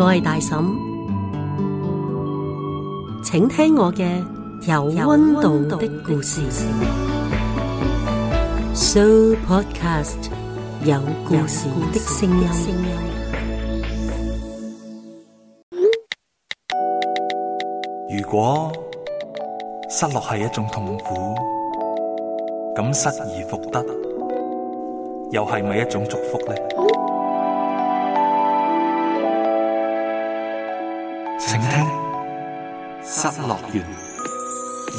我係大嬸，請聽我嘅有溫度的故事。So podcast 有故事的聲音。如果失落係一種痛苦，咁失而復得，又係咪一種祝福呢？請聽《失落園二》。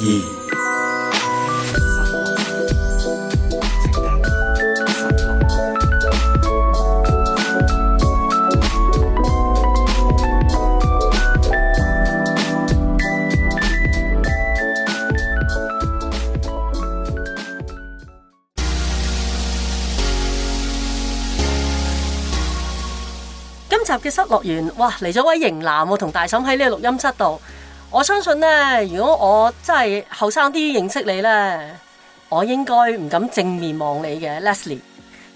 今集嘅失樂園，哇，嚟咗位型男喎，同大嬸喺呢個錄音室度。我相信咧，如果我真係後生啲認識你咧，我應該唔敢正面望你嘅 Leslie。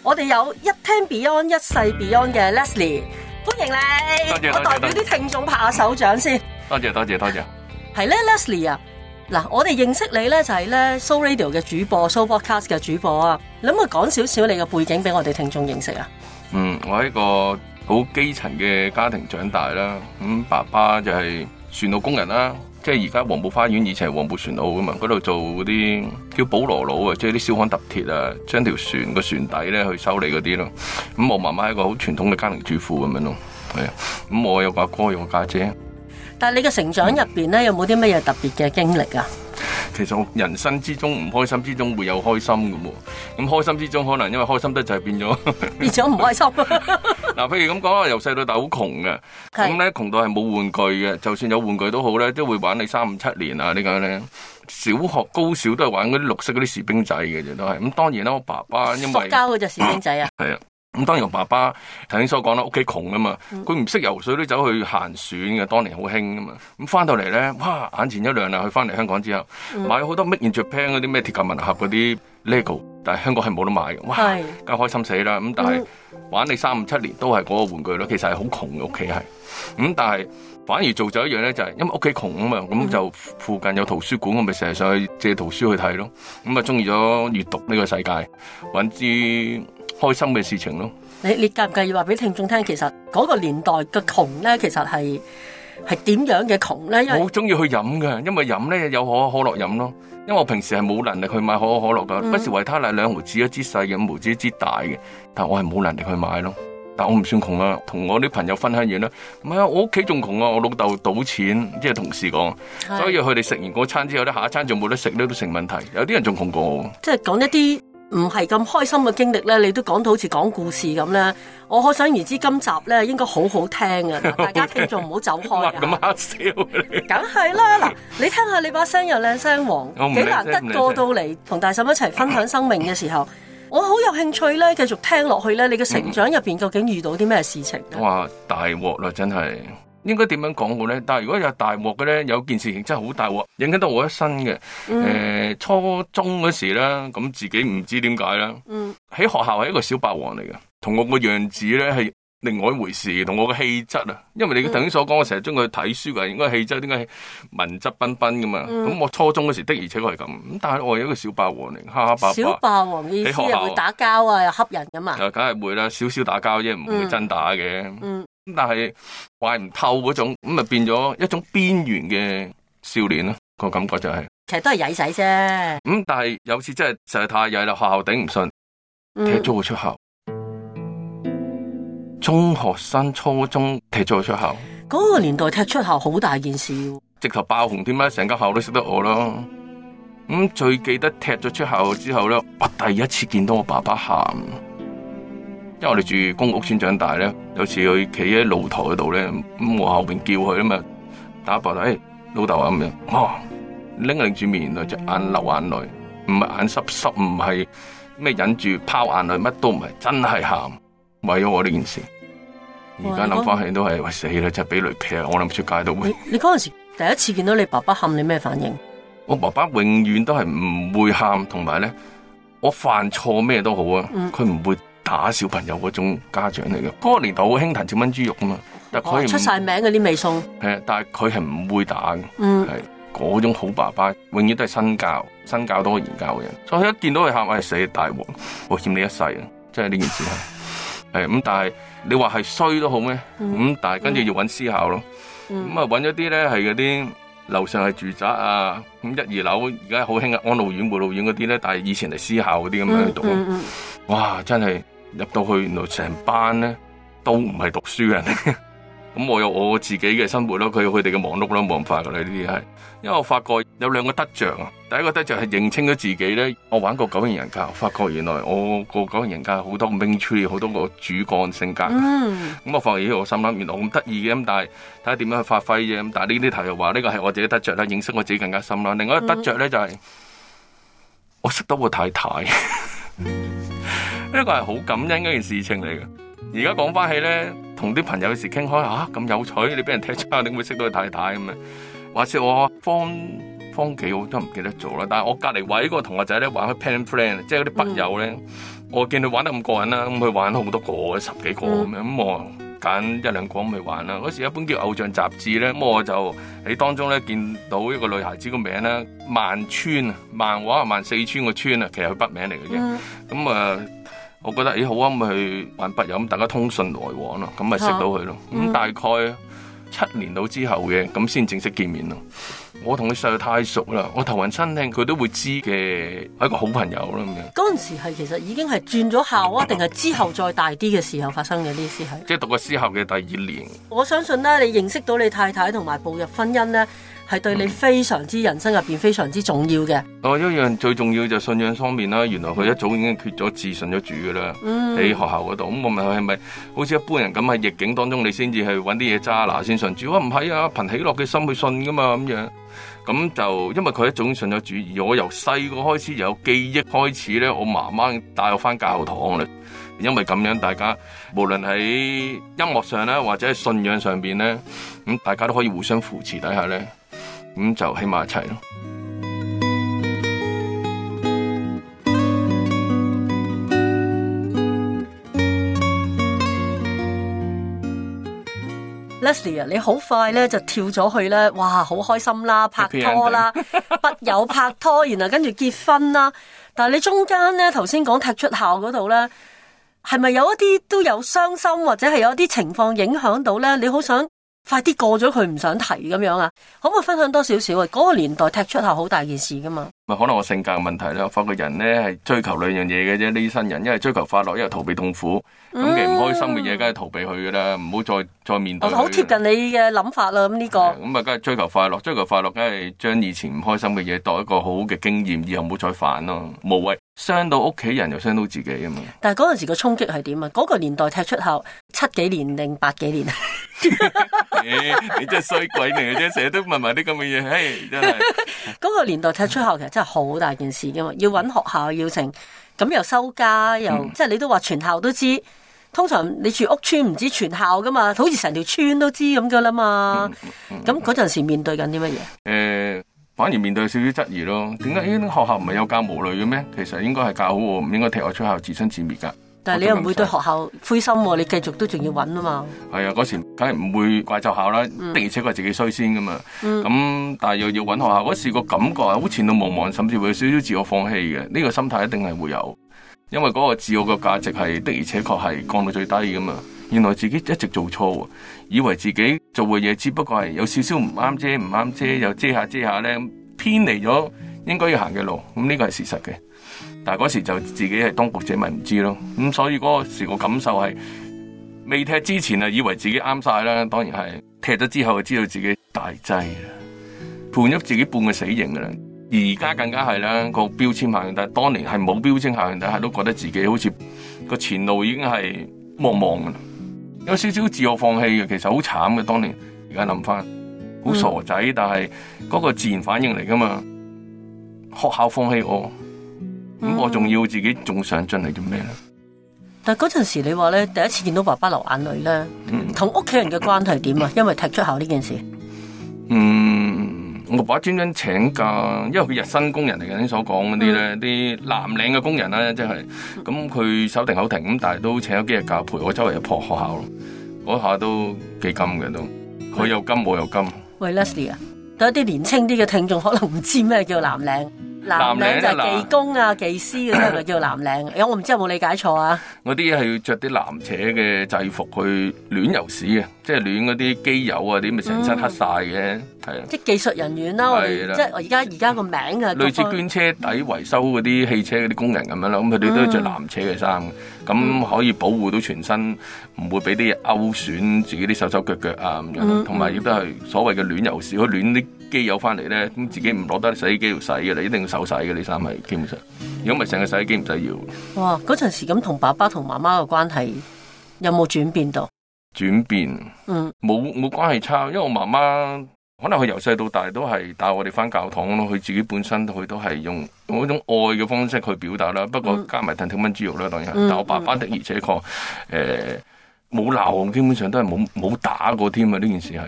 我哋有一聽 Beyond，一世 Beyond 嘅 Leslie，歡迎你。多謝，我代表啲聽眾拍下手掌先。多謝多謝多謝。係咧，Leslie 啊，嗱，我哋認識你咧就係咧，So Radio 嘅主播，So Podcast 嘅主播啊，你可唔可以講少少你嘅背景俾我哋聽眾認識啊？嗯，我喺一個好基層嘅家庭長大啦，咁、嗯、爸爸就係船塢工人啦，即係而家黃埔花園以前係黃埔船塢噶嘛，嗰度做嗰啲叫保羅佬啊，即係啲燒焊搭鐵啊，將條船個船底咧去修理嗰啲咯。咁、嗯、我媽媽係一個好傳統嘅家庭主婦咁樣咯，係啊。咁、嗯、我有個阿哥，有個家姐。但係你嘅成長入邊咧，有冇啲乜嘢特別嘅經歷啊？其實我人生之中唔開心之中會有開心嘅喎，咁開心之中可能因為開心得就係變咗變咗唔開心。嗱，譬如咁講啦，由細到大好窮嘅，咁咧窮到係冇玩具嘅，就算有玩具都好咧，都會玩你三五七年啊，點解咧？小學高小都係玩嗰啲綠色嗰啲士兵仔嘅啫，都係咁。當然啦，我爸爸因為佛教嗰隻士兵仔啊，係啊。咁、嗯、當然，爸爸頭先所講啦，屋企窮啊嘛，佢唔識游水都走去行船嘅，當年好興啊嘛。咁翻到嚟咧，哇！眼前一亮啊，佢翻嚟香港之後，嗯、買好多 Made in Japan 嗰啲咩鐵甲文盒嗰啲 Lego、嗯、但係香港係冇得買嘅，哇！梗、嗯、係開心死啦。咁、嗯嗯、但係玩你三五七年都係嗰個玩具咯。其實係好窮嘅屋企係，咁、嗯、但係反而做咗一樣咧，就係因為屋企窮啊嘛，咁、嗯嗯、就附近有圖書館，我咪成日上去借圖書去睇咯。咁、嗯、啊，中意咗閱讀呢個世界，揾啲開心嘅事情咯，你你介唔介意話俾聽眾聽？其實嗰個年代嘅窮咧，其實係係點樣嘅窮咧？因為我好中意去飲嘅，因為飲咧有可口可樂飲咯。因為我平時係冇能力去買可口可樂噶，不時維他奶兩毫子一支細嘅，五毫子一支大嘅，但我係冇能力去買咯。但我唔算窮啊，同我啲朋友分享完啦。唔係啊，我屋企仲窮啊，我老豆賭錢，即係同事講，所以佢哋食完嗰餐之後咧，下一餐仲冇得食咧，都成問題。有啲人仲窮過我，即係講一啲。唔係咁開心嘅經歷呢，你都講到好似講故事咁呢。我可想而知今集呢應該好好聽嘅，大家聽眾唔好走開啊！咁搞笑，笑，梗係啦！嗱， 你聽下你把聲又靚聲黃，幾難得過到嚟同大嬸一齊分享生命嘅時候， 我好有興趣呢，繼續聽落去呢，你嘅成長入邊究竟遇到啲咩事情？哇，大鑊啦，真係！應該點樣講好咧？但係如果有大鑊嘅咧，有件事情真係好大鑊，影響到我一身嘅。誒、嗯欸，初中嗰時啦，咁自己唔知點解啦。嗯，喺學校係一個小霸王嚟嘅，同我個樣子咧係另外一回事，同我個氣質啊。因為你頭先所講，我成日鍾意睇書嘅，應該氣質點解係文質彬彬噶嘛？咁、嗯、我初中嗰時候的而且確係咁。咁但係我係一個小霸王嚟，蝦蝦霸霸小霸王呢學校又會打交啊，又恰人噶嘛？梗係會啦，少少打交啫，唔會真打嘅。嗯嗯但係壞唔透嗰種，咁咪變咗一種邊緣嘅少年咯，那個感覺就係、是，其實都係曳仔啫。咁、嗯、但係有次真係實在太曳啦，學校頂唔順，踢咗我出校。中學生初中踢咗我出校，嗰、那個年代踢出校好大件事。直頭爆紅添啦，成間校都識得我啦。咁、嗯、最記得踢咗出校之後咧，我第一次見到我爸爸喊。因為我哋住公屋村長大咧，有次佢企喺露台嗰度咧，咁我後邊叫佢咁嘛，打伯仔，哎，老豆啊咁樣，哇，拎住面就只眼流眼淚，唔係眼濕濕，唔係咩忍住拋眼淚，乜都唔係，真係喊，為咗我呢件事。而家諗翻起都係，喂死啦，真係俾雷劈，我諗出街都會。你嗰陣時第一次見到你爸爸喊，你咩反應？我爸爸永遠都係唔會喊，同埋咧，我犯錯咩都好啊，佢唔會。打小朋友嗰種家長嚟嘅，嗰個年代好興彈小蚊豬肉啊嘛，但佢唔出晒名啲味餸，係啊，但係佢係唔會打嘅，嗯，係嗰種好爸爸，永遠都係身教、身教多過言教嘅人，所以一見到佢喊，我、哎、係死大鑊，我欠你一世啊，即係呢件事係，係咁，但係你話係衰都好咩？咁、嗯嗯嗯、但係跟住要揾私校咯，咁啊揾咗啲咧係嗰啲樓上係住宅啊，咁一二樓而家好興安老院、護老院嗰啲咧，但係以前嚟私校嗰啲咁樣去讀、嗯嗯嗯，哇，真係～入到去，原來成班咧都唔係讀書人，咁、 嗯、我有我自己嘅生活咯，佢有佢哋嘅忙碌咯，冇辦法噶啦呢啲係。因為我發覺有兩個得着啊，第一個得着係認清咗自己咧，我玩過九型人格，我發覺原來我個九型人格好多 m a 好多個主幹性格。咁、mm. 嗯、我發覺咦、哎，我心諗原來咁得意嘅，咁但係睇下點樣去發揮啫。咁但係呢啲題又話呢個係我自己得着啦，認識我自己更加深啦。另外一個得着咧就係、是、我識得、mm. 個太太。 呢個係好感恩嘅一件事情嚟嘅。而家講翻起咧，同啲朋友有時傾開啊，咁有，、嗯、有趣，你俾人踢親，點會識到佢太太咁樣？話說我方方幾我都唔記得做啦。但係我隔離位嗰個同學仔咧玩開 pen friend，即係嗰啲筆友咧，我見佢玩得咁過癮啦，咁佢玩咗好多個，十幾個咁樣，咁我揀一兩個咪玩啦。嗰時一般叫偶像雜誌咧，咁我就喺當中咧見到一個女孩子個名咧萬川啊，萬畫啊，萬四川個川啊，其實佢筆名嚟嘅啫。咁、嗯、啊～我覺得誒好啊，咪去玩筆友，大家通訊來往咯，咁咪識到佢咯。咁大概七年到之後嘅，咁先正式見面咯。我同佢實在太熟啦，我頭暈身興，佢都會知嘅，一個好朋友咯。咁樣嗰陣時係其實已經係轉咗校啊，定係之後再大啲嘅時候發生嘅呢？意思係即係讀個私校嘅第二年。我相信咧，你認識到你太太同埋步入婚姻咧。係對你非常之人生入邊非常之重要嘅。哦、嗯，一樣最重要就係信仰方面啦。原來佢一早已經缺咗自信咗主噶啦。嗯，喺學校嗰度，咁、嗯、我問係咪好似一般人咁喺逆境當中，你先至去揾啲嘢揸拿先信主？我唔係啊，憑喜樂嘅心去信噶嘛咁樣。咁就因為佢一早信咗主，我由細個開始有記憶開始咧，我媽媽帶我翻教教堂啦。因為咁樣，大家無論喺音樂上咧，或者係信仰上邊咧，咁、嗯、大家都可以互相扶持底下咧。咁就起碼一齊咯。Leslie 啊，你好快咧就跳咗去咧，哇，好開心啦，拍拖啦，Happy、不有拍拖， 然後跟住結婚啦。但係你中間咧，頭先講踢出校嗰度咧，係咪有一啲都有傷心，或者係有一啲情況影響到咧？你好想。快啲過咗佢唔想提咁樣啊！可唔可以分享多少少啊？嗰個年代踢出下好大件事噶嘛？咪可能我性格問題啦，我發覺人咧係追求兩樣嘢嘅啫。呢啲新人，一係追求快樂，一係逃避痛苦。咁既唔開心嘅嘢，梗係逃避佢噶啦，唔好再再面對。好貼近你嘅諗法啦，咁呢個咁啊，梗係追求快樂，追求快樂，梗係將以前唔開心嘅嘢當一個好好嘅經驗，以後唔好再犯咯，無謂。傷到屋企人又傷到自己啊嘛！但係嗰陣時個衝擊係點啊？嗰、嗰個年代踢出校七幾年定八幾年？ 你真係衰鬼嚟嘅啫！成 日 都問埋啲咁嘅嘢，唉，真係。嗰 個年代踢出校其實真係好大件事噶嘛！要揾學校要成，咁又收家，又、嗯、即係你都話全校都知。通常你住屋村唔知全校噶嘛，好似成條村都知咁噶啦嘛。咁嗰陣時面對緊啲乜嘢？誒、嗯。嗯嗯嗯反而面對少少質疑咯，點解？啲學校唔係有教無類嘅咩？其實應該係教好我，唔應該踢我出校自生自滅噶。但係你又唔會對學校灰心喎、啊，你繼續都仲要搵啊嘛。係啊，嗰時梗係唔會怪就校啦，的而且確係自己衰先噶嘛。咁、嗯、但係又要搵學校，嗰時個感覺好似都冇望，甚至會有少少自我放棄嘅，呢、這個心態一定係會有。因為嗰個自我嘅價值係的而且確係降到最低㗎嘛。原來自己一直做錯，以為自己做嘅嘢只不過係有少少唔啱遮，唔啱遮，又遮下遮下咧，偏離咗應該要行嘅路，咁、這、呢個係事實嘅。但係嗰時就自己係當局者咪唔知咯，咁所以嗰個時個感受係未踢之前啊，以為自己啱晒啦，當然係踢咗之後就知道自己大劑啦，判咗自己半個死刑噶啦。而家更加係咧，嗰個標籤效應，但係當年係冇標籤效應，但係都覺得自己好似個前路已經係茫茫，有少少自我放棄嘅，其實好慘嘅。當年而家諗翻，好傻仔，嗯，但係嗰，個自然反應嚟噶嘛。學校放棄我，咁我仲要自己仲想進嚟做咩咧？嗯，但係嗰陣時你話咧，第一次見到爸爸流眼淚咧，同屋企人嘅關係點啊？嗯、因為踢出校呢件事，嗯。我爸專登請假，因為佢日薪工人嚟嘅，啱所講嗰啲咧，啲藍領嘅工人咧，啊，即係咁佢手停口停，咁但係都請咗幾日假陪我周圍一撲學校咯，嗰下都幾金嘅都，佢有金我又金。喂、嗯、喂，Leslie 啊，對一啲年輕啲嘅聽眾可能唔知咩叫藍領。藍領就係技工啊技師咁樣咪叫藍領，我唔知道有冇理解錯啊？我啲係要着啲藍扯嘅制服去暖油士啊，即係暖嗰啲機油啊啲咪成身黑晒嘅，係、嗯、啊！即係技術人員啦，即係我而家而家個名啊！類似捐車底維修嗰啲汽車嗰啲工人咁樣咯，咁佢哋都要着藍扯嘅衫，咁、嗯、可以保護到全身，唔會俾啲嘢勾損自己啲手手腳腳啊咁樣，同埋亦都係所謂嘅暖油士，佢暖啲。機友翻嚟咧，咁自己唔攞得洗衣機要洗嘅啦，一定要手洗嘅呢衫係基本上。如果唔係成個洗衣機唔使要。哇！嗰陣時咁同爸爸同媽媽嘅關係有冇轉變到？轉變，嗯，冇冇關係差，因為我媽媽可能佢由細到大都係帶我哋翻教堂咯，佢自己本身佢都係用用一種愛嘅方式去表達啦。不過加埋藤條炆豬肉啦，當然。但我爸爸的而且確誒冇鬧，基本上都係冇冇打過添啊！呢件事係。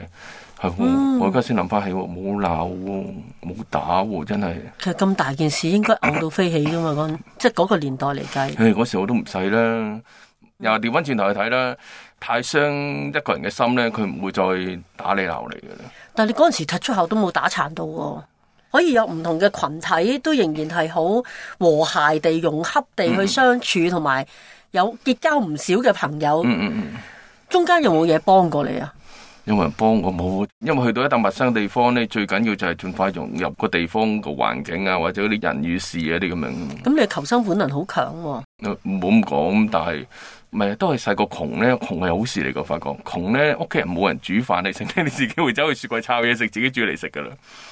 係、嗯、我而家先諗翻起，冇鬧，冇打，真係。其實咁大件事應該嘔到飛起噶嘛，咁 即係嗰個年代嚟計。唉，嗰 時我都唔使啦，又調翻轉頭去睇啦，太傷一個人嘅心咧，佢唔會再打你鬧嚟嘅啦。但係你嗰時踢出口都冇打殘到，可以有唔同嘅群體都仍然係好和諧地融洽地去相處，同、嗯、埋有結交唔少嘅朋友。嗯嗯嗯。中間有冇嘢幫過你啊？因為幫我冇，因為去到一笪陌生的地方咧，最緊要就係盡快融入個地方個環境啊，或者啲人與事啊啲咁樣。咁你求生本能好強喎。唔好咁講，但係唔係都係細個窮咧，窮係好事嚟噶。發覺窮咧，屋企人冇人煮飯咧，剩低你自己會走去雪櫃抄嘢食，自己煮嚟食噶啦。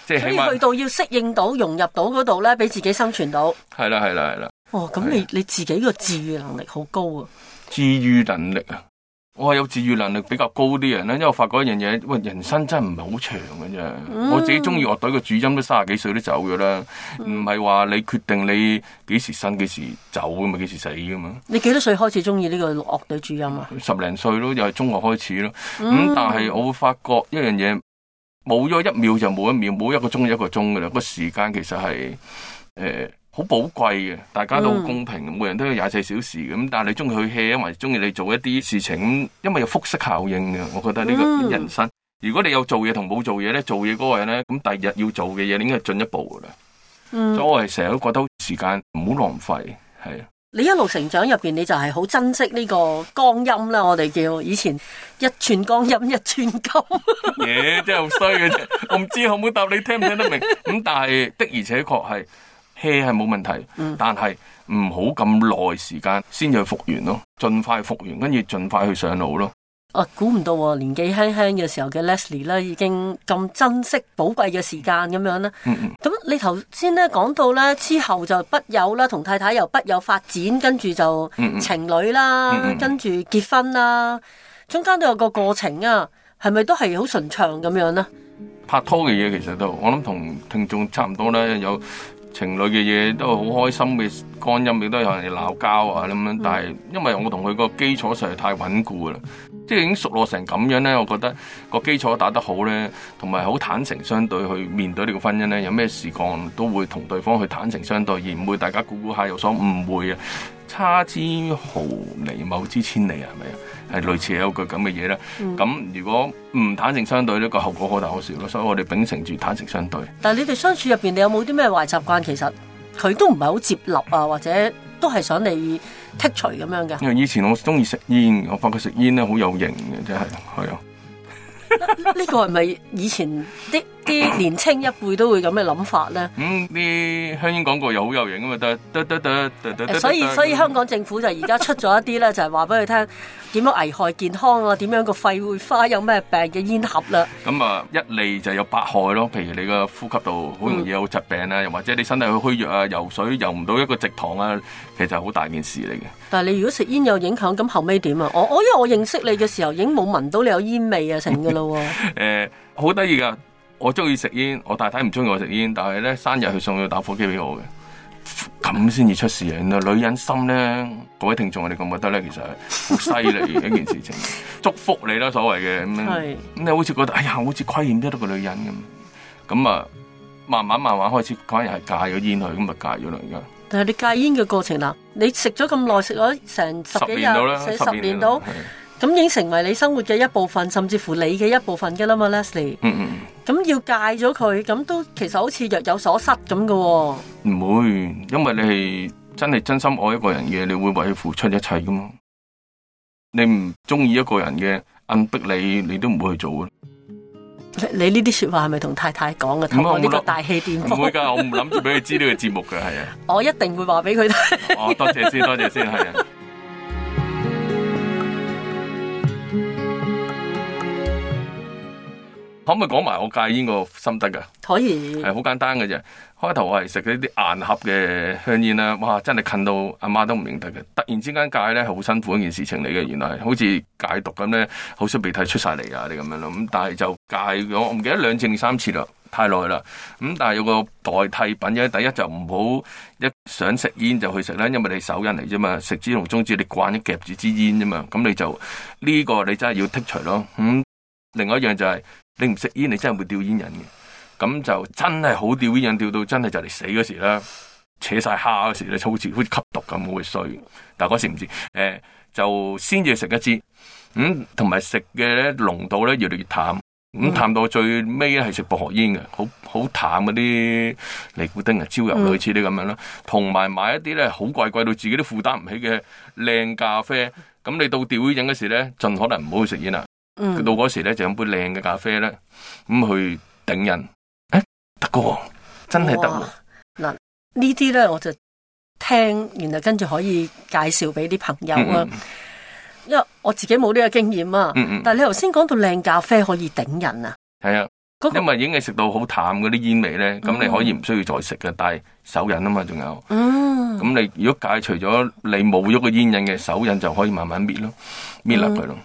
即係去到要適應到融入到嗰度咧，俾自己生存到。係啦，係啦，係啦。哦，咁你你自己個自愈能力好高啊！自愈能力啊！我係有自愈能力比較高啲人咧，因為我發覺一樣嘢，喂，人生真係唔係好長嘅啫、嗯。我自己中意樂隊嘅主音都三十幾歲都走咗啦，唔係話你決定你幾時生幾時走，咪幾時死噶嘛。你幾多歲開始中意呢個樂隊主音啊？十零歲咯，又係中學開始咯。咁、嗯、但係我會發覺一樣嘢，冇咗一秒就冇一秒，冇一個鐘就一個鐘噶啦。個時間其實係誒。呃好寶貴嘅，大家都好公平、嗯，每個人都有廿四小時嘅。咁但係你中意去 hea，或者中意你做一啲事情，因為有複式效應嘅。我覺得呢個人生、嗯，如果你有做嘢同冇做嘢咧，做嘢嗰個人咧，咁第二日要做嘅嘢，你應該進一步噶啦、嗯。所以我係成日都覺得時間唔好浪費，係啊。你一路成長入邊，你就係好珍惜呢個光陰啦。我哋叫以前一寸光陰一寸金，嘢 yeah, 真係好衰嘅啫。我唔知可唔可以答你，聽唔聽得明？咁但係的而且確係。車係冇問題，但係唔好咁耐時間先去復原咯，盡快復原，跟住盡快去上路咯。啊，估唔到、啊、年紀輕輕嘅時候嘅 Leslie 咧，已經咁珍惜寶貴嘅時間咁樣咧。咁、嗯嗯、你頭先咧講到咧之後就筆友啦，同太太又筆友發展，跟住就情侶啦，跟、嗯、住、嗯嗯嗯嗯嗯、結婚啦，中間都有個過程啊，係咪都係好順暢咁樣呢？拍拖嘅嘢其實都，我諗同聽眾差唔多咧，有。情侶嘅嘢都好開心嘅，光陰亦都有人哋鬧交啊咁樣，但係因為我同佢個基礎實在太穩固啦，即係已經熟落成咁樣呢。我覺得個基礎打得好呢，同埋好坦誠相對去面對呢個婚姻呢，有咩事幹都會同對方去坦誠相對，而唔會大家估估下有所誤會啊，差之毫厘，謬之千里啊，係咪啊？係類似有句咁嘅嘢啦。咁如果唔坦誠相對，呢個後果可大可小咯。所以我哋秉承住坦誠相對。但係你哋相處入面，你有冇啲咩壞習慣？其實佢都唔係好接納啊，或者都係想你剔除咁樣嘅。因為以前我中意食煙，我發覺食煙咧好有型嘅，真係係啊。呢個係咪以前啲？ 啲年青一輩都會咁嘅諗法咧。嗯，啲香煙廣告又好有型啊嘛，得得得得得。所以所以香港政府就而家出咗一啲咧， 就係話俾佢聽點樣危害健康啊，點樣個肺會花有咩病嘅煙盒啦。咁、嗯、啊，一嚟就有百害咯。譬如你個呼吸道好容易有疾病啊，又或者你身體去虛弱啊，游水游唔到一個直塘啊，其實好大件事嚟嘅。但係你如果食煙有影響，咁後尾點啊？我我因為我認識你嘅時候已經冇聞到你有煙味啊成嘅咯。誒、嗯，好得意噶～、 呃我中意食煙，我太太唔中意我食煙，但係咧生日佢送咗打火機俾我嘅，咁先至出事啊！原來女人心咧，各位聽眾你覺唔覺得咧？其實好犀利一件事情，情 祝福你啦，所謂嘅咁，咁、嗯、你、嗯、好似覺得哎呀，好似虧欠咗個女人咁，咁啊，慢慢慢慢開始嗰日係戒咗煙，去，咁咪戒咗啦而家。但係你戒煙嘅過程啦、啊，你食咗咁耐，食咗成十幾年到啦，十年到。咁已經成為你生活嘅一部分，甚至乎你嘅一部分嘅啦嘛，Leslie。嗯嗯。咁要戒咗佢，咁都其實好似若有所失咁嘅。唔會，因為你係真係真心愛一個人嘅，你會為佢付出一切噶嘛。你唔中意一個人嘅硬逼你，你都唔會去做嘅。你呢啲說話係咪同太太講嘅？睇下我呢個大氣電波。唔會噶，我唔諗住俾佢知呢個節目嘅。係啊，。我一定會話俾佢聽。哦，多謝先，多謝先，係啊。可唔可以講埋我戒煙個心得噶、啊？可以，係好簡單嘅啫。開頭我係食嗰啲硬盒嘅香煙啦，哇！真係近到阿媽，媽都唔認得嘅。突然之間戒咧，係好辛苦一件事情嚟嘅。原來好似戒毒咁咧，好少鼻涕出晒嚟啊你咁樣咯。咁但係就戒咗，我唔記得兩次定三次啦，太耐啦。咁但係有個代替品嘅，第一就唔好一想食煙就去食啦，因為你手癮嚟啫嘛，食指同中指，你慣咗夾住支煙啫嘛，咁你就呢、這個你真係要剔除咯。咁、嗯、另外一樣就係、是。你唔食煙，你真係會掉煙癮嘅。咁就真係好掉煙癮，掉到真係就嚟死嗰時啦。扯晒蝦嗰時咧，好似好似吸毒咁，冇衰。但係嗰時唔知。誒、欸，就先至食一支。嗯，同埋食嘅咧，濃度咧越嚟越淡。咁、嗯、淡到最尾咧，係食薄荷煙嘅，好好淡嗰啲尼古丁啊，焦油類似啲咁樣啦。同埋買一啲咧，好貴，貴到自己都負擔唔起嘅靚咖啡。咁你到掉煙癮嗰時咧，盡可能唔好去食煙啦。嗯、到嗰時咧，就飲杯靚嘅咖啡咧，咁去頂癮。誒，得嘅，真係得。嗱，呢啲咧我就聽，然後跟住可以介紹俾啲朋友啊、嗯嗯。因為我自己冇呢個經驗啊、嗯嗯。但係你頭先講到靚咖啡可以頂癮啊。係啊、那個，因為已經係食到好淡嗰啲煙味咧，咁、嗯、你可以唔需要再食嘅。但係手癮啊嘛，仲有。嗯。咁你如果解除咗你冇咗個煙癮嘅手癮，就可以慢慢搣咯，搣、嗯、落去咯。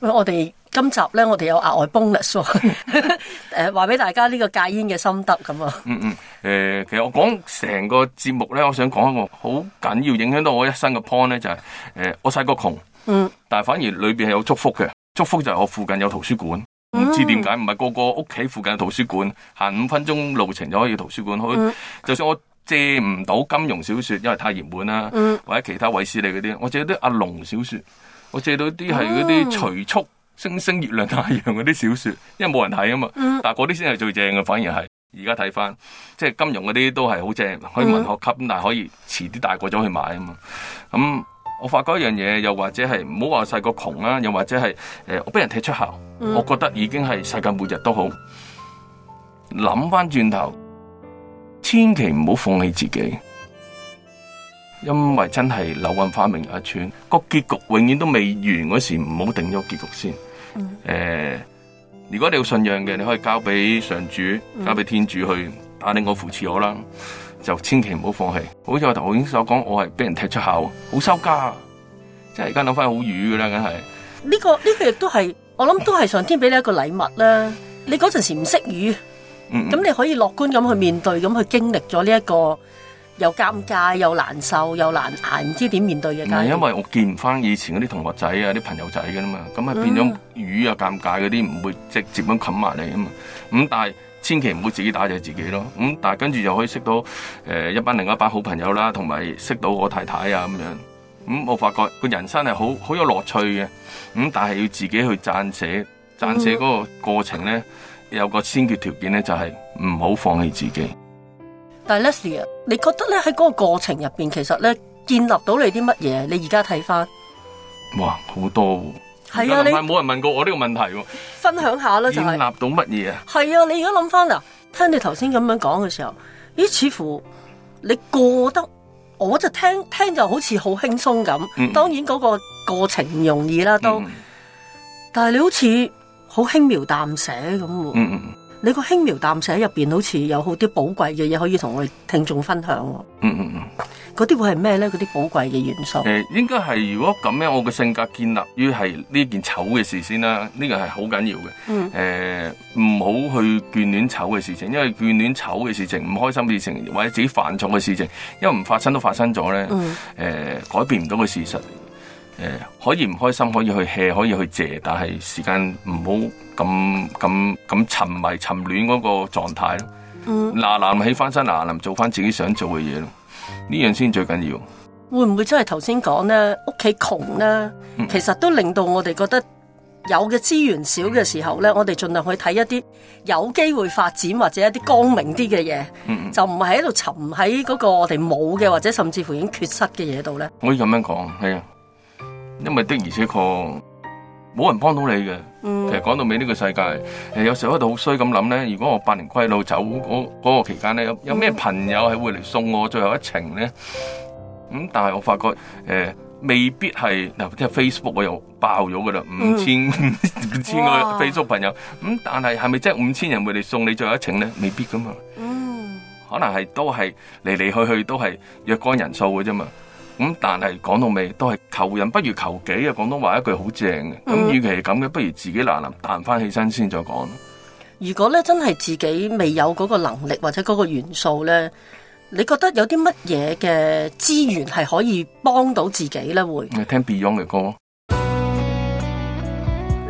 喂、嗯，我哋。今集咧，我哋有額外 bonus，話、哦、俾 大家呢個戒煙嘅心得咁啊、嗯。嗯嗯、呃，其實我講成個節目咧，我想講一個好緊要影響到我一生嘅 point 咧、就是，就、呃、係我細個窮，嗯，但反而裏面係有祝福嘅，祝福就係我附近有圖書館，唔、嗯、知點解唔係個個屋企附近有圖書館，行五分鐘路程就可以圖書館好、嗯、就算我借唔到金庸小説，因為太熱門啦，或者其他衛斯理嗰啲，我借啲阿龍小説，我借到啲係嗰啲徐速星星月亮太陽嗰啲小說，因為冇人睇啊嘛，嗯、但係啲先係最正嘅，反而係而家睇翻，即係金融嗰啲都係好正，可以文學級，嗯、但係可以遲啲大個咗去買啊嘛。咁、嗯、我發覺一樣嘢，又或者係唔好話細個窮啦，又或者係誒、呃、我俾人踢出校、嗯，我覺得已經係世界末日都好。諗翻轉頭，千祈唔好放棄自己。因為真係柳暗花明一村，那個結局永遠都未完嗰時，唔好定咗結局先。誒、嗯呃，如果你要信仰嘅，你可以交俾上主，嗯、交俾天主去帶領我扶持我啦。就千祈唔好放棄。好似我頭先所講，我係俾人踢出口，好收家，即係而家諗翻好魚嘅啦，梗係。呢、這個呢、這個亦都係，我諗都係上天俾你一個禮物啦。你嗰陣時唔識魚，咁、嗯、你可以樂觀咁去面對，咁、嗯、去經歷咗呢一個。又尷尬又難受又難捱，唔知點面對嘅。但係，因為我見唔翻以前嗰啲同學仔啊，啲朋友仔嘅啦嘛，咁啊變咗魚又尷、嗯、尬嗰啲，唔會直接咁冚埋你啊嘛。咁、嗯、但係千祈唔好自己打野、就是、自己咯。咁、嗯、但係跟住又可以識到誒、呃、一班另一班好朋友啦，同埋識到我太太啊咁樣。咁、嗯、我發覺個人生係好好有樂趣嘅。咁、嗯、但係要自己去撰寫撰寫嗰個過程咧、嗯，有個先決條件咧就係唔好放棄自己。Leslie 啊，你覺得咧，喺嗰個過程入邊，其實咧，建立到你啲乜嘢？你而家睇翻，哇，好多喎！係啊，係啊，你唔係冇人問過我呢個問題喎、啊。分享下啦，就係、建立到乜嘢啊？係啊，你而家諗翻啊，聽你頭先咁樣講嘅時候，咦，似乎你過得，我就聽聽就好似好輕鬆咁。當然嗰個過程唔容易啦，都、嗯。但係你好似好輕描淡寫咁。嗯，嗯你個輕描淡寫入邊好似有好啲寶貴嘅嘢可以同我哋聽眾分享喎、哦嗯。嗯嗯嗯，嗰啲會係咩咧？嗰啲寶貴嘅元素。誒、呃，應該係如果咁樣，我嘅性格建立於係呢件醜嘅事先啦。呢個係好緊要嘅。嗯。誒、呃，唔好去眷戀醜嘅事情，因為眷戀醜嘅事情、唔開心嘅事情或者自己犯錯嘅事情，因為唔發生都發生咗咧。誒、嗯呃，改變唔到嘅事實。誒、呃，可以唔開心，可以去吃，可以去借，但係時間唔好咁咁咁沉迷、沉戀嗰個狀態咯。嗯，嗱，林起翻身，嗱林做翻自己想做嘅嘢咯，呢樣先最緊要。會唔會真係頭先講咧？屋企窮咧，其實都令到我哋覺得有嘅資源少嘅時候咧，我哋盡量去睇一啲有機會發展或者一啲光明啲嘅嘢。嗯嗯，就唔係喺度沉喺嗰個我哋冇嘅，或者甚至乎已經缺失嘅嘢度咧。可以咁樣講，係啊。因為的而且確冇人幫到你嘅、嗯，其實講到尾呢個世界，誒有時候喺度好衰咁諗咧。如果我百年歸老走嗰、嗰個期間咧，有咩朋友係會嚟送我最後一程咧？咁、嗯、但係我發覺誒、呃、未必係，嗱即係 Facebook 我又爆咗噶啦，五千五千個 Facebook 朋友咁，但係係咪真係五千人會嚟送你最後一程咧？未必噶嘛、嗯，可能係都係嚟嚟去去都係若干人數嘅啫嘛。咁、嗯、但係講到尾都係求人不如求己啊！廣東話一句好正嘅，咁、嗯、與其咁嘅，不如自己嗱嗱臨彈翻起身先再講。如果咧真係自己未有嗰個能力或者嗰個元素咧，你覺得有啲乜嘢嘅資源係可以幫到自己咧？會聽 Beyond 嘅歌，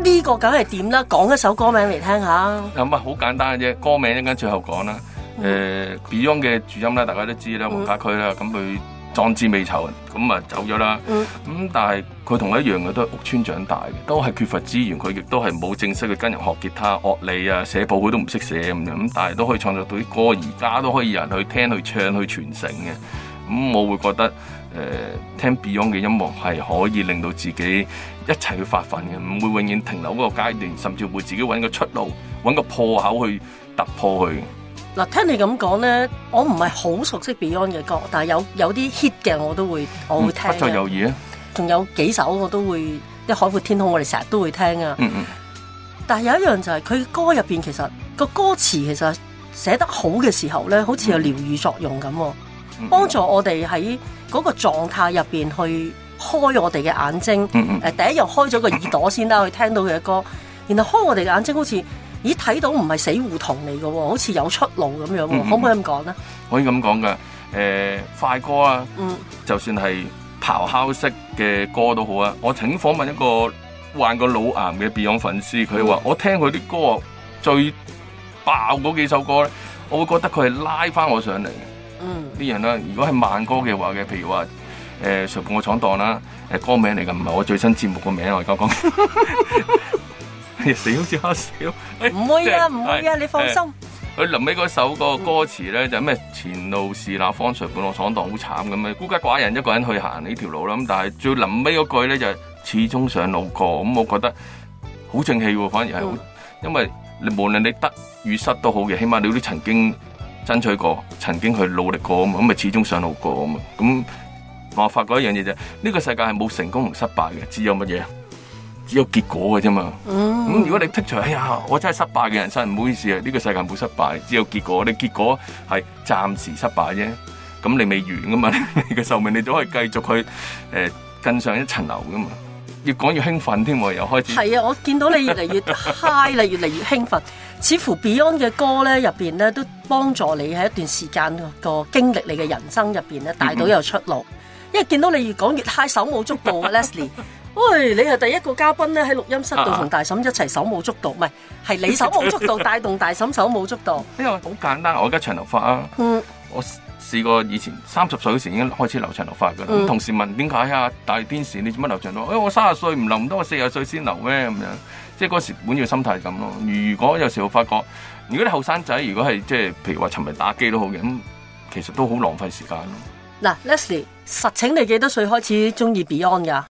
呢、這個梗係點啦？講一首歌名嚟聽下。咁、嗯、啊，好簡單嘅啫，歌名一陣間最後講啦。誒，Beyond 嘅主音大家都知啦，黃家駒啦，咁、嗯、佢。壯志未酬，咁啊走咗啦。咁、嗯、但係佢同我一樣嘅，都係屋邨長大嘅，都係缺乏資源，佢亦都係冇正式嘅跟人學吉他、樂理啊、寫譜，佢都唔識寫咁樣。咁但係都可以創作到啲歌，而家都可以有人去聽、去唱、去傳承嘅。咁、嗯、我會覺得，誒、呃、聽 Beyond 嘅音樂係可以令到自己一齊去發奮嘅，唔會永遠停留嗰個階段，甚至會自己揾個出路、揾個破口去突破去。嗱，聽你咁講咧，我唔係好熟悉 Beyond 嘅歌，但係有有啲 hit 嘅我都會我會聽不再猶豫啊，仲有幾首我都會，啲海闊天空我哋成日都會聽啊、嗯嗯。但係有一樣就係、是、佢歌入邊其實個歌詞其實寫得好嘅時候咧，好似有療愈作用咁，幫、嗯嗯、助我哋喺嗰個狀態入邊去開我哋嘅眼睛。誒、嗯嗯，第一日開咗個耳朵先啦、嗯嗯，去聽到佢嘅歌，然後開我哋嘅眼睛，好似。咦，睇到唔係死胡同嚟嘅喎，好似有出路咁樣，嗯嗯，可唔可以咁講咧？可以咁講嘅，誒、呃、快歌啊，嗯，就算係咆哮式嘅歌都好啊。我請訪問一個患過腦癌嘅 Beyond 粉絲，佢話、嗯：我聽佢啲歌最爆嗰幾首歌咧，我會覺得佢係拉翻我上嚟。嗯，啲人咧、啊，如果係慢歌嘅話嘅，譬如話誒《誰伴我闖蕩》啦、啊，誒、呃、歌名嚟嘅，唔係我最新節目嘅名啊，我而家講。 死少之可少，唔會啊唔、欸、會啊、欸，你放心。佢臨尾嗰首嗰個歌詞咧、嗯、就咩、是、前路是那方誰伴我闖蕩好慘咁啊，孤家寡人一個人去行呢條路啦。咁但係最臨尾嗰句咧就是、始終上路過，咁、嗯、我覺得好正氣喎。反而係好、嗯，因為你無論你得與失都好嘅，起碼你都曾經爭取過，曾經去努力過啊嘛。咁、嗯、咪始終上路過啊嘛。咁、嗯、我發覺一樣嘢就啫，呢、這個世界係冇成功同失敗嘅，只有乜嘢？只有結果嘅啫嘛，咁、嗯、如果你剔除，哎呀，我真係失敗嘅人生，唔好意思啊，呢、呢個世界冇失敗，只有結果。你結果係暫時失敗啫，咁你未完噶嘛，你嘅壽命你都可以繼續去誒、呃、更上一層樓噶嘛。越講越興奮添，又開始。係啊，我見到你越嚟越嗨 i 你越嚟越興奮，似乎 Beyond 嘅歌咧入邊咧都幫助你喺一段時間個經歷你嘅人生入邊咧帶到有出路、嗯嗯。因為見到你越講越嗨，手舞足蹈 Leslie 喂，你係第一個嘉賓咧，喺錄音室度同大嬸一齊手舞足蹈，唔係係你手舞足蹈帶動大嬸手舞足蹈。呢個好簡單，我而家長頭髮啊、嗯，我試過以前三十歲嗰時候已經開始留長頭髮噶啦。咁、嗯、同事問點解啊？大天使你做乜留長到誒、哎，我三十歲唔留，唔得，我四十歲先留咩咁樣？即係嗰時本要心態咁咯。如果有時候我發覺，如果啲後生仔如果係即係譬如話尋日打機都好嘅，咁其實都好浪費時間咯。嗱、啊、Leslie，實請你幾多歲開始中意 Beyond 噶？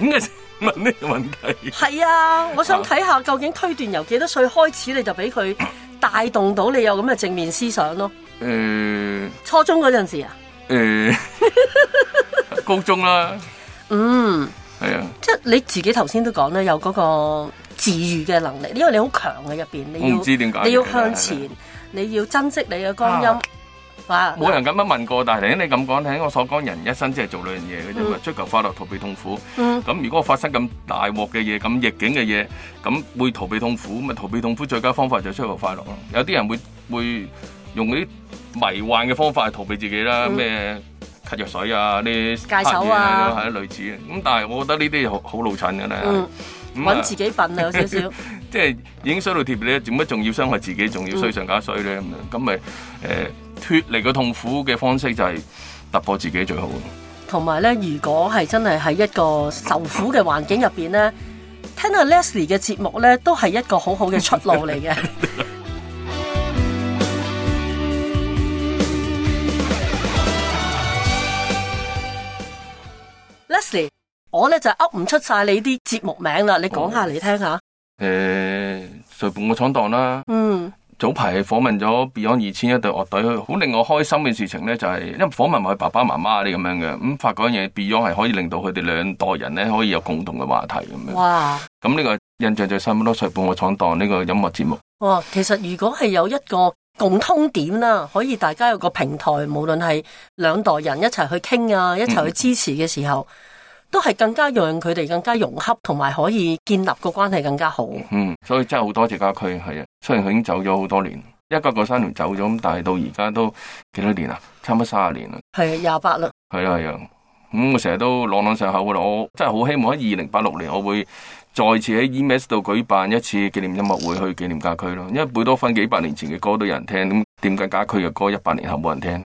點解問呢個問題？係啊，我想睇下究竟推斷由幾多歲開始，你就俾佢帶動到你有咁嘅正面思想咯。誒、呃，初中嗰陣時啊？誒、呃，高中啦。 嗯，係啊。即係你自己頭先都講咧，有嗰個治愈嘅能力，因為你好強喺入邊，你要知你要向前，啊，你要珍惜你嘅光陰。啊冇人咁樣問過，但係聽你咁講，聽我所講，人一生只係做兩樣嘢嘅啫，咪追求快樂，逃避痛苦。咁如果我發生咁大鑊嘅嘢，咁逆境嘅嘢，咁會逃避痛苦，咪逃避痛苦，最佳方法就追求快樂咯。有啲人會會用嗰啲迷幻嘅方法嚟逃避自己啦，咩咳藥水啊啲戒手啊，係啊類似嘅。咁但係我覺得呢啲好好老襯嘅咧，揾自己笨啊有少少，即係已經衰到貼你，做乜仲要傷害自己，仲要衰上加衰咧咁樣，咁咪誒？脫離個痛苦嘅方式就係突破自己最好。同埋咧，如果係真係喺一個受苦嘅環境入邊咧， 聽到 Leslie 嘅節目咧，都係一個很好好嘅出路嚟嘅 Leslie，我咧就噏唔出晒你啲節目名啦，你講下你聽下。誒、哦，上半個闖蕩啦。嗯。早排訪問咗 Beyond 二千一隊樂隊，好令我開心嘅事情咧，就係，就係因為訪問埋佢爸爸媽媽啲咁樣嘅，咁發覺嘢，Beyond 係可以令到佢哋兩代人咧可以有共同嘅話題咁樣。哇！咁呢個印象最深，多謝《伴我闖蕩》呢個音樂節目。哇！其實如果係有一個共通點啦，可以大家有個平台，無論係兩代人一齊去傾啊，一齊去支持嘅時候。嗯都係更加讓佢哋更加融洽，同埋可以建立個關係更加好。嗯，所以真係好多謝家駒係啊，雖然佢已經走咗好多年，一九九三年走咗，咁但係到而家都幾多年啊？差唔多三十年啦。係啊廿八啦。係啊係啊，咁、嗯、我成日都朗朗上口噶啦。我真係好希望喺二零八六年，我會再次喺 EMAS 度舉辦一次紀念音樂會，去紀念家駒咯。因為貝多芬幾百年前嘅歌都有人聽，咁點解家駒嘅歌一百年後冇人聽？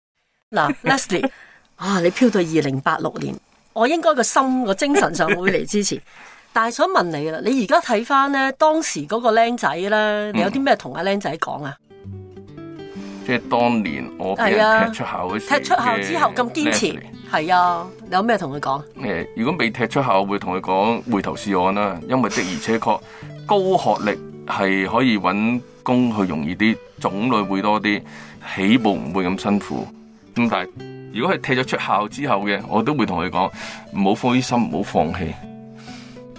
嗱，Lastly， 啊，你飄到二零八六年。我應該個心個精神上會嚟支持， 但係想問你啦，你而家睇返咧當時嗰個僆仔咧，你有啲咩同阿僆仔講啊？嗯、即係當年我踢出校嗰時、啊、踢出校之後咁堅持，係、嗯、啊，你有咩同佢講？誒，如果未踢出校，會同佢講回頭是岸啦，因為的而且確高學歷係可以搵工去容易啲，種類會多啲，起步唔會咁辛苦。咁、嗯、但係。如果係踢咗出校之後嘅，我都會同佢講唔好灰心，唔好放棄。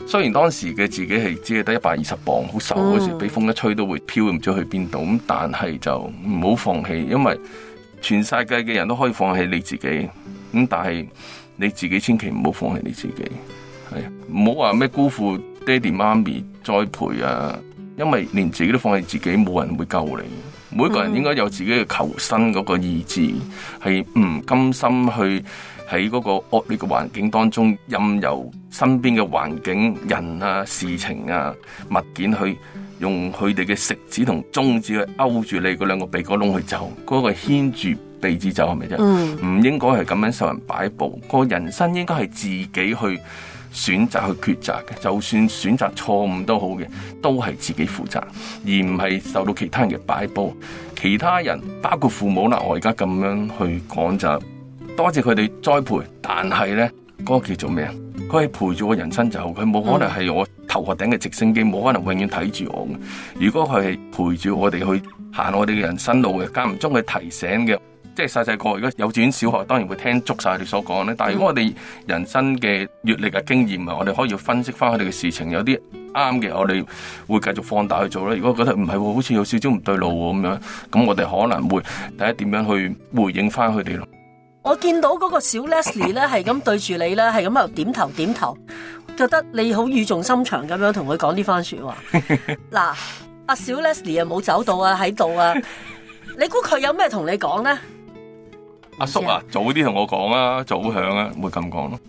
雖然當時嘅自己係只係得一百二十磅，好瘦，嗰時俾風一吹都會飄唔知去邊度。咁但係就唔好放棄，因為全世界嘅人都可以放棄你自己，咁但係你自己千祈唔好放棄你自己。係唔好話咩辜負爹哋媽咪栽培啊，因為連自己都放棄自己，冇人會救你。每個人應該有自己嘅求生嗰個意志，係、mm. 唔甘心去喺嗰個惡劣嘅環境當中任由身邊嘅環境、人啊、事情啊、物件去用佢哋嘅食指同中指去勾住你嗰兩個鼻哥窿去走，嗰、嗰個牽住鼻子走係咪啫？唔、mm. 應該係咁樣受人擺佈，個人生應該係自己去。選擇去抉擇嘅，就算選擇錯誤都好嘅，都係自己負責，而唔係受到其他人嘅擺佈。其他人包括父母啦，我而家咁樣去講就多謝佢哋栽培，但係咧嗰個叫做咩啊？佢係陪住我人生走，佢冇可能係我頭殼頂嘅直升機，冇可能永遠睇住我。如果佢係陪住我哋去行我哋嘅人生路嘅，間唔中去提醒嘅。即係細細個，如果幼稚園、小學，當然會聽足晒你所講咧。但係如果我哋人生嘅閱歷嘅經驗啊，我哋可以要分析翻佢哋嘅事情，有啲啱嘅，我哋會繼續放大去做啦。如果覺得唔係，好似有少少唔對路咁樣，咁我哋可能會睇下點樣去回應翻佢哋咯。我見到嗰個小 Leslie 咧，係咁對住你咧，係咁喺度點頭點頭，覺得你好語重心長咁樣同佢講呢番說話。嗱，阿小 Leslie 啊，冇走到啊，喺度啊，你估佢有咩同你講咧？阿叔啊，啊早啲同我講啊，早響啊，唔會咁講咯。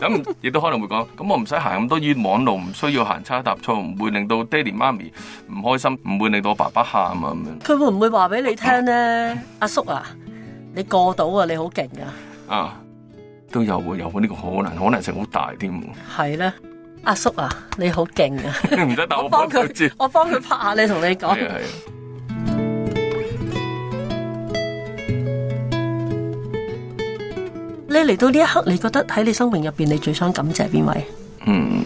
咁 亦 都可能會講，咁我唔使行咁多冤枉路，唔需要行差踏錯，唔會令到爹哋媽咪唔開心，唔會令到爸爸喊啊咁樣。佢會唔會話俾你聽咧？阿叔啊，你過到啊，你好勁啊。啊，都有會、啊、有呢個可能，可能性好大添、啊。係咧，阿叔啊，你好勁啊！唔 使打我，幫佢我幫佢拍一下你同 你講。你嚟到呢一刻，你覺得喺你生命入邊，你最想感謝邊位？嗯，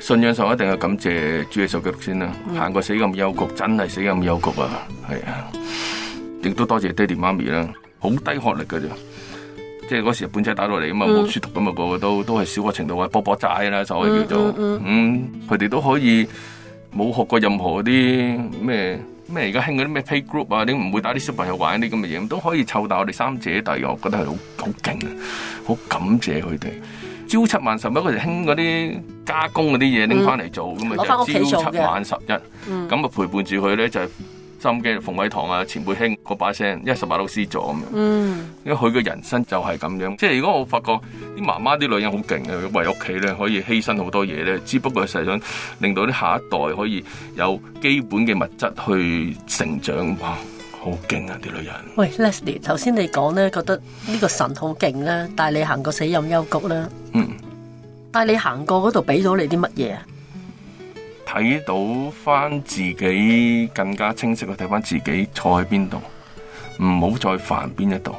信仰上一定要感謝主耶穌基督先啦。行、嗯、過死咁幽谷，真係死咁幽谷啊！係啊，亦都多謝爹哋媽咪啦。好低學歷噶咋，即係嗰時日本仔打落嚟啊嘛，冇書讀噶嘛，個個都都係小學程度啊，博博債啦，所謂叫做嗯，佢、嗯、哋、嗯嗯、都可以冇學過任何啲咩。嗯咩而家興嗰啲咩 play group 啊，你唔會打啲小朋友玩啲咁嘅嘢，都可以湊大我哋三姐弟，我覺得係好好勁啊，好感謝佢哋。朝七晚十一，佢哋興嗰啲加工嗰啲嘢拎翻嚟做，咁、嗯、啊朝七晚十一，咁啊陪伴住佢咧就係。心嘅馮偉棠啊，前輩興嗰把聲，一十八老師咗。咁樣，因為佢嘅人生就係咁樣。即係如果我發覺啲媽媽啲女人好勁嘅，為屋企咧可以犧牲好多嘢咧，只不過係想令到啲下一代可以有基本嘅物質去成長。哇，好勁啊啲女人！喂，Leslie，頭先你講咧，覺得呢個神好勁啦，帶你行過死蔭幽谷啦，嗯，帶你行過嗰度，俾到你啲乜嘢啊？睇到翻自己更加清晰嘅睇翻自己錯喺邊度，唔好再犯邊一度，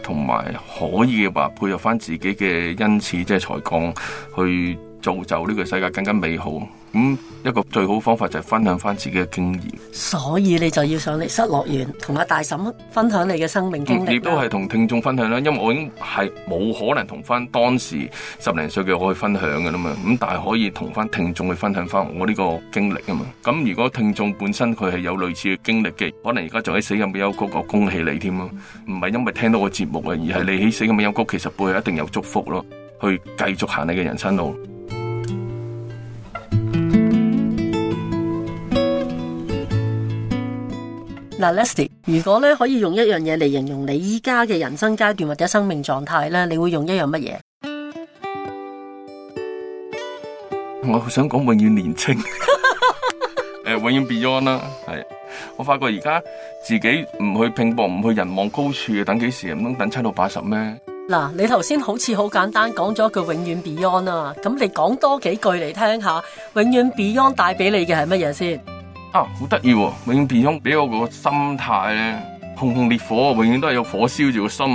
同埋可以嘅話配合翻自己嘅恩賜，即係才幹去造就呢個世界更加美好。咁、嗯、一個最好方法就係分享翻自己嘅經驗，所以你就要上嚟失樂園同阿大嬸分享你嘅生命經歷。亦亦都係同聽眾分享啦，因為我已經係冇可能同翻當時十零歲嘅我去分享噶啦嘛，咁但係可以同翻聽眾去分享翻我呢個經歷啊嘛。咁、嗯、如果聽眾本身佢係有類似嘅經歷嘅，可能而家就喺死蔭幽谷我恭喜你添咯，唔係因為聽到個節目啊，而係你喺死蔭幽谷其實背後一定有祝福咯，去繼續行你嘅人生路。如果咧可以用一樣嘢嚟形容你依家嘅人生階段或者生命狀態咧，你會用一樣乜嘢？我好想講永遠年青， 誒 永遠 Beyond 啦，係。我發覺而家自己唔去拼搏，唔去人望高處，等幾時唔通等七老八十咩？嗱，你頭先好似好簡單講咗句永遠 Beyond 啊，咁你講多幾句嚟聽下，永遠 Beyond 帶俾你嘅係乜嘢先？啊，好得意喎！永遠 Beyond 俾我個心態咧，熊熊烈火，永遠都係有火燒住個心，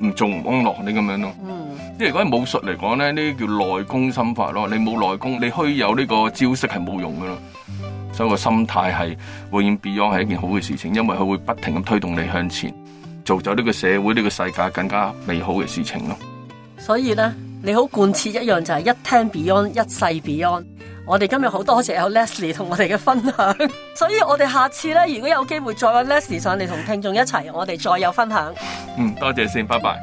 唔唔做唔安樂你咁樣咯，啊。嗯，即係如果係武術嚟講咧，呢啲叫內功心法咯。你冇內功，你虛有呢個招式係冇用噶咯。所以個心態係永遠 Beyond 係一件好嘅事情，因為佢會不停咁推動你向前，做咗呢個社會呢個世界更加美好嘅事情咯。所以咧，你好貫徹一樣就係一聽 Beyond，一世 Beyond。我哋今日好多謝有 Leslie 同我哋嘅分享，所以我哋下次咧，如果有機會再揾 Leslie 上嚟同聽眾一齊，我哋再有分享。嗯，多謝先，拜拜。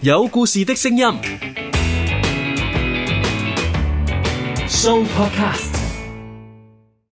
有故事的聲音，Show Podcast。